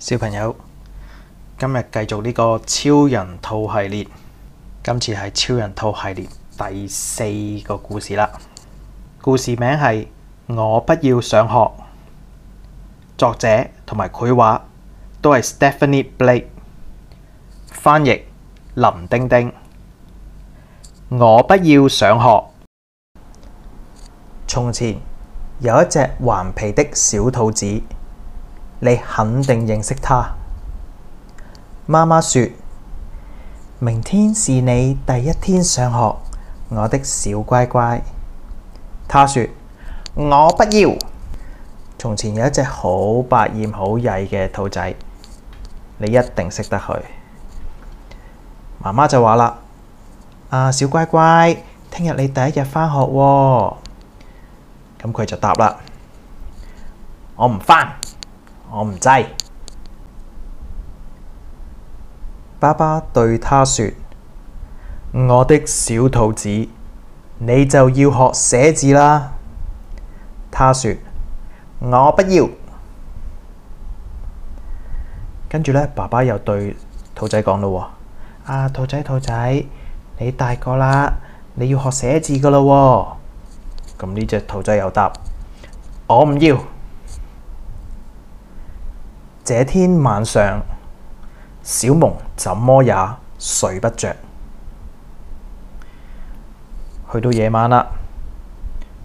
小朋友，今日繼續呢個超人兔系列，今次係超人兔系列第四個故事啦。故事名係《我不要上學》，作者同埋繪畫都係 Stephanie Blake，翻譯林玎玎。我不要上學。從前有一隻頑皮的小兔子。你肯定認識他，媽媽說：明天是你第一天上學，我的小乖乖。她說：我不要。從前有一隻好百厭、好曳嘅兔仔，你一定識得佢。媽媽就話啦：啊，小乖乖，聽日你第一日返學喎，咁佢就答啦：我唔返。」我唔制，爸爸對他說：，我的小兔子，你就要學寫字啦。他說：我不要。跟住咧，爸爸又對兔仔講咯：，啊，兔仔，兔仔，你大個啦，你要學寫字噶咯、啊。」咁呢隻兔仔又答：我唔要。這天晚上，小蒙怎麼也睡不着。去到夜晚啦，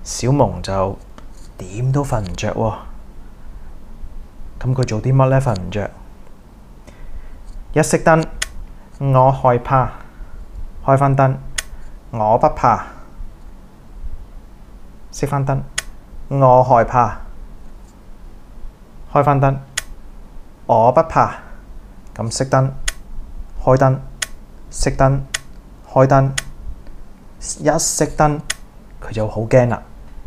小蒙就點都瞓唔着喎、哦。咁佢做啲乜呢？瞓唔着。一熄燈，我害怕；開翻燈，我不怕。熄翻燈，我害怕；開翻燈，我不怕，咁熄燈，開燈，熄燈，開燈，一熄燈佢就好驚啦，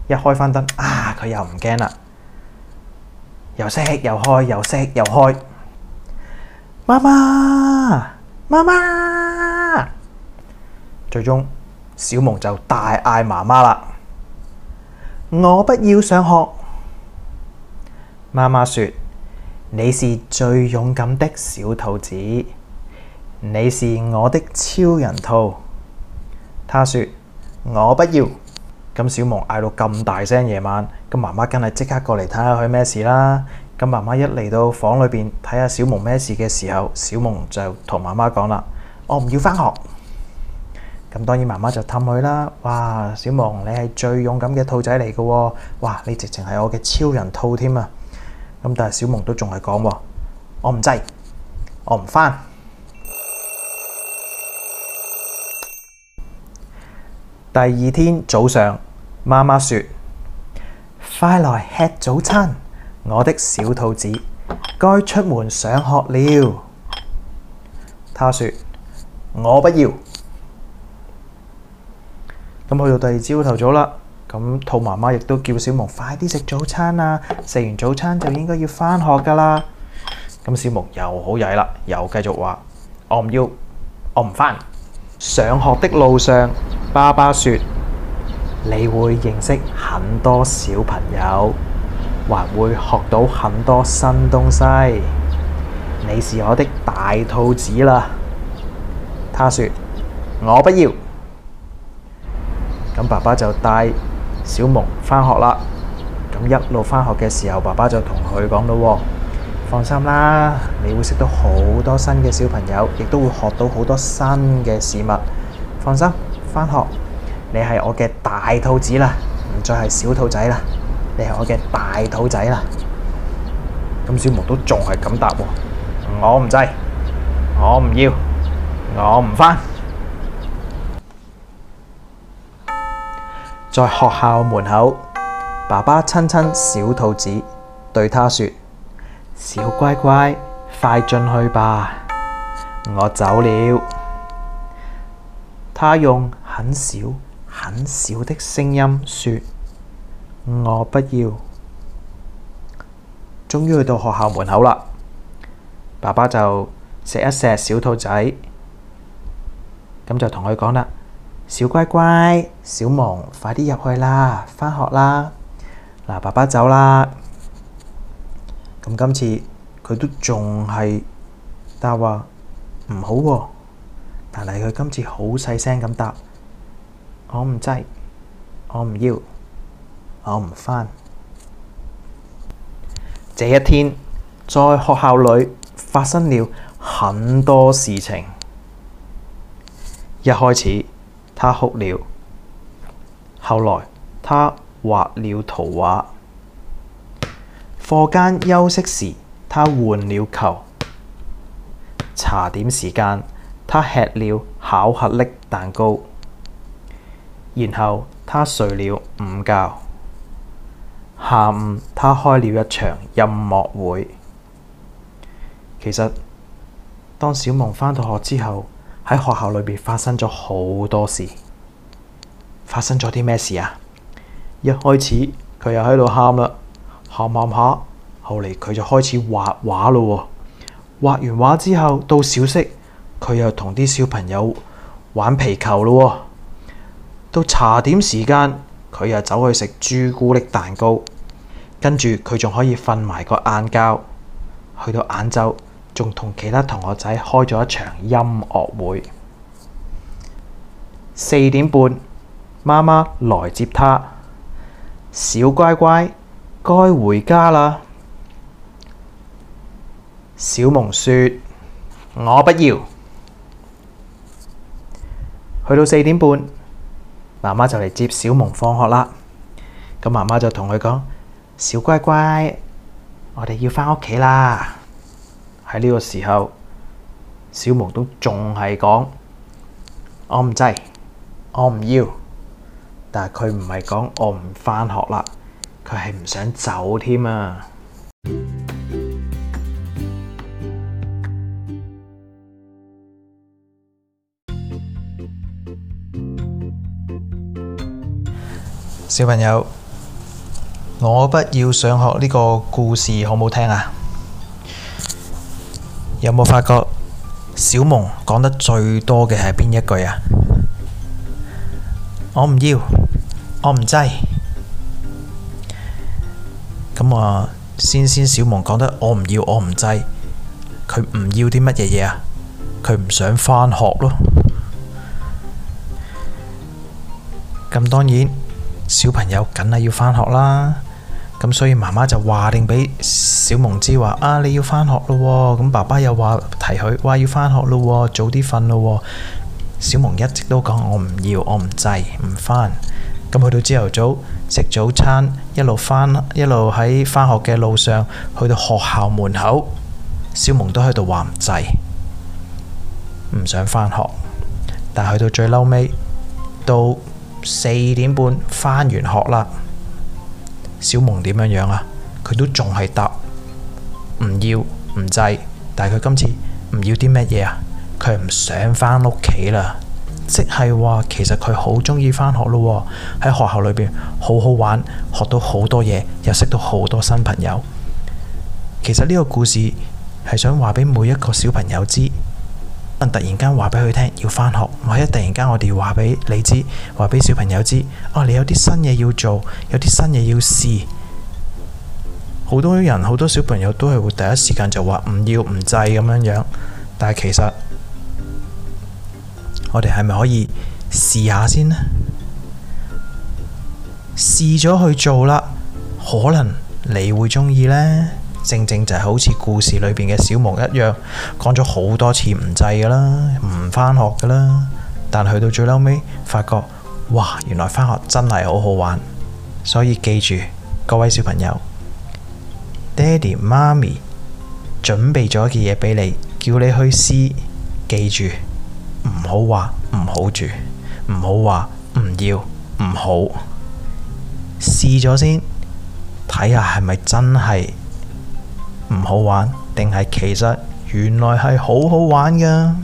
一開翻燈啊佢又唔驚啦，又熄又開，又熄又開，媽媽，媽媽，最終小蒙就大嗌媽媽啦，我不要上學，媽媽說。你是最勇敢的小兔子，你是我的超人兔。他說：我不要。咁小萌嗌到咁大聲，夜晚，咁媽媽梗係即刻過嚟睇下佢咩事啦。咁媽媽一嚟到房裏邊睇下小萌咩事嘅時候，小萌就同媽媽講啦：我唔要返學。咁當然，媽媽就氹佢啦。哇，小萌你係最勇敢嘅兔仔嚟㗎，哇，你直情係我嘅超人兔添啊！咁但係小萌都仲係講喎，我唔制，我唔返。第二天早上，媽媽説：快來吃早餐，我的小兔子，該出門上學了。她説：我不要。咁去到第二朝頭早啦。咁兔媽媽亦都叫小夢快啲食早餐啊！食完早餐就應該要返學㗎喇。咁小夢又好曳啦，又繼續話：我唔要，我唔返。上學的路上，爸爸說：你會認識很多小朋友，還會學到很多新東西。你是我的大兔子啦。他說：我不要。咁爸爸就帶。小蒙返學啦，咁一路返學嘅時候，爸爸就同佢講咯，放心啦，你會識到好多新嘅小朋友，亦都會學到好多新嘅事物。放心，返學，你係我嘅大兔子啦，唔再係小兔仔啦，你係我嘅大兔仔啦。咁小蒙都仲係咁答，哦，我唔制，我唔要，我唔返。」在學校門口，爸爸親親小兔子，對他說： 小乖乖，快進去吧，我走了。他用很小很小的聲音說：我不要。終於去到學校門口啦，爸爸就錫一錫小兔仔，咁就同佢講啦。小乖乖，小蒙，快啲入去啦，返學啦！嗱，爸爸走啦。咁今次佢都仲係答話唔好、喎，但係佢今次好細聲咁答，「我唔制，我唔要，我唔返。」這一天在學校裏發生了很多事情。一開始。他哭了。後來，他畫了圖畫。課間休息時，他換了球。茶點時間，他吃了巧克力蛋糕。然後，他睡了午覺。下午，他開了一場音樂會。其實，當小夢返到學之後。喺學校裏邊發生咗好多事，發生咗啲咩事啊？一開始佢又喺度喊啦，喊下喊下，後嚟佢就開始畫畫咯。畫完畫之後，到小息，佢又同啲小朋友玩皮球咯。到茶點時間，佢又走去食朱古力蛋糕，跟住佢仲可以瞓埋個晏覺。去到晏晝。仲同其他同學仔開咗一場音樂會。四點半，媽媽來接他，小乖乖，該回家啦。小萌說：我不要。去到四點半，媽媽就嚟接小萌放學啦。咁媽媽就同佢講：小乖乖，我哋要翻屋企啦。喺呢個時候，小毛都仲係講：我唔制，我唔要。但係佢唔係講我唔返學啦，佢係唔想走添啊！小朋友，我不要上學呢個故事好唔好聽啊？有冇發覺小夢講得最多嘅係邊一句啊？我唔要，我唔制。咁啊，先先小夢講得我唔要，我唔制。佢唔要啲乜嘢嘢啊？佢唔想返學咯。咁當然，小朋友梗係要返學啦。咁所以媽媽就話定俾小蒙知話啊，你要返學咯。咁、哦、爸爸又話提佢話要返學咯，早啲瞓咯。小蒙一直都講我唔要，我唔制，唔返。咁去到朝頭早食早餐，一路返，一路喺返學嘅路上，去到學校門口，小蒙都喺度話唔制，唔想返學。但去到最嬲尾，到四點半返完學啦。小蒙點樣樣啊？佢都仲係答唔要，唔制，但係佢今次唔要啲乜嘢啊？佢唔想返屋企啦，即係話其實佢好鍾意返學咯喎，喺學校裏邊好好玩，學到好多嘢，又識到好多新朋友。其實呢個故事係想話俾每一個小朋友知。突然間話俾佢聽要返學，或者突然間我哋話俾你知，話俾小朋友知，哦，你有啲新嘢要做，有啲新嘢要試。好多人，好多小朋友都係會第一時間就話唔要唔制咁樣樣，但係其實我哋係咪可以試下先呢？試咗去做啦，可能你會中意呢。正正就係好似故事裏邊嘅小兔一樣，講咗好多次唔制㗎啦，唔返學㗎啦，但去到最嬲尾，發覺哇，原來返學真係好好玩。所以記住，各位小朋友，爹哋媽咪準備咗一件嘢俾你，叫你去試，記住唔好話唔好住，唔好話唔要，唔好試咗先，睇下係咪真係。唔好玩，定係其實，原來係好好玩㗎。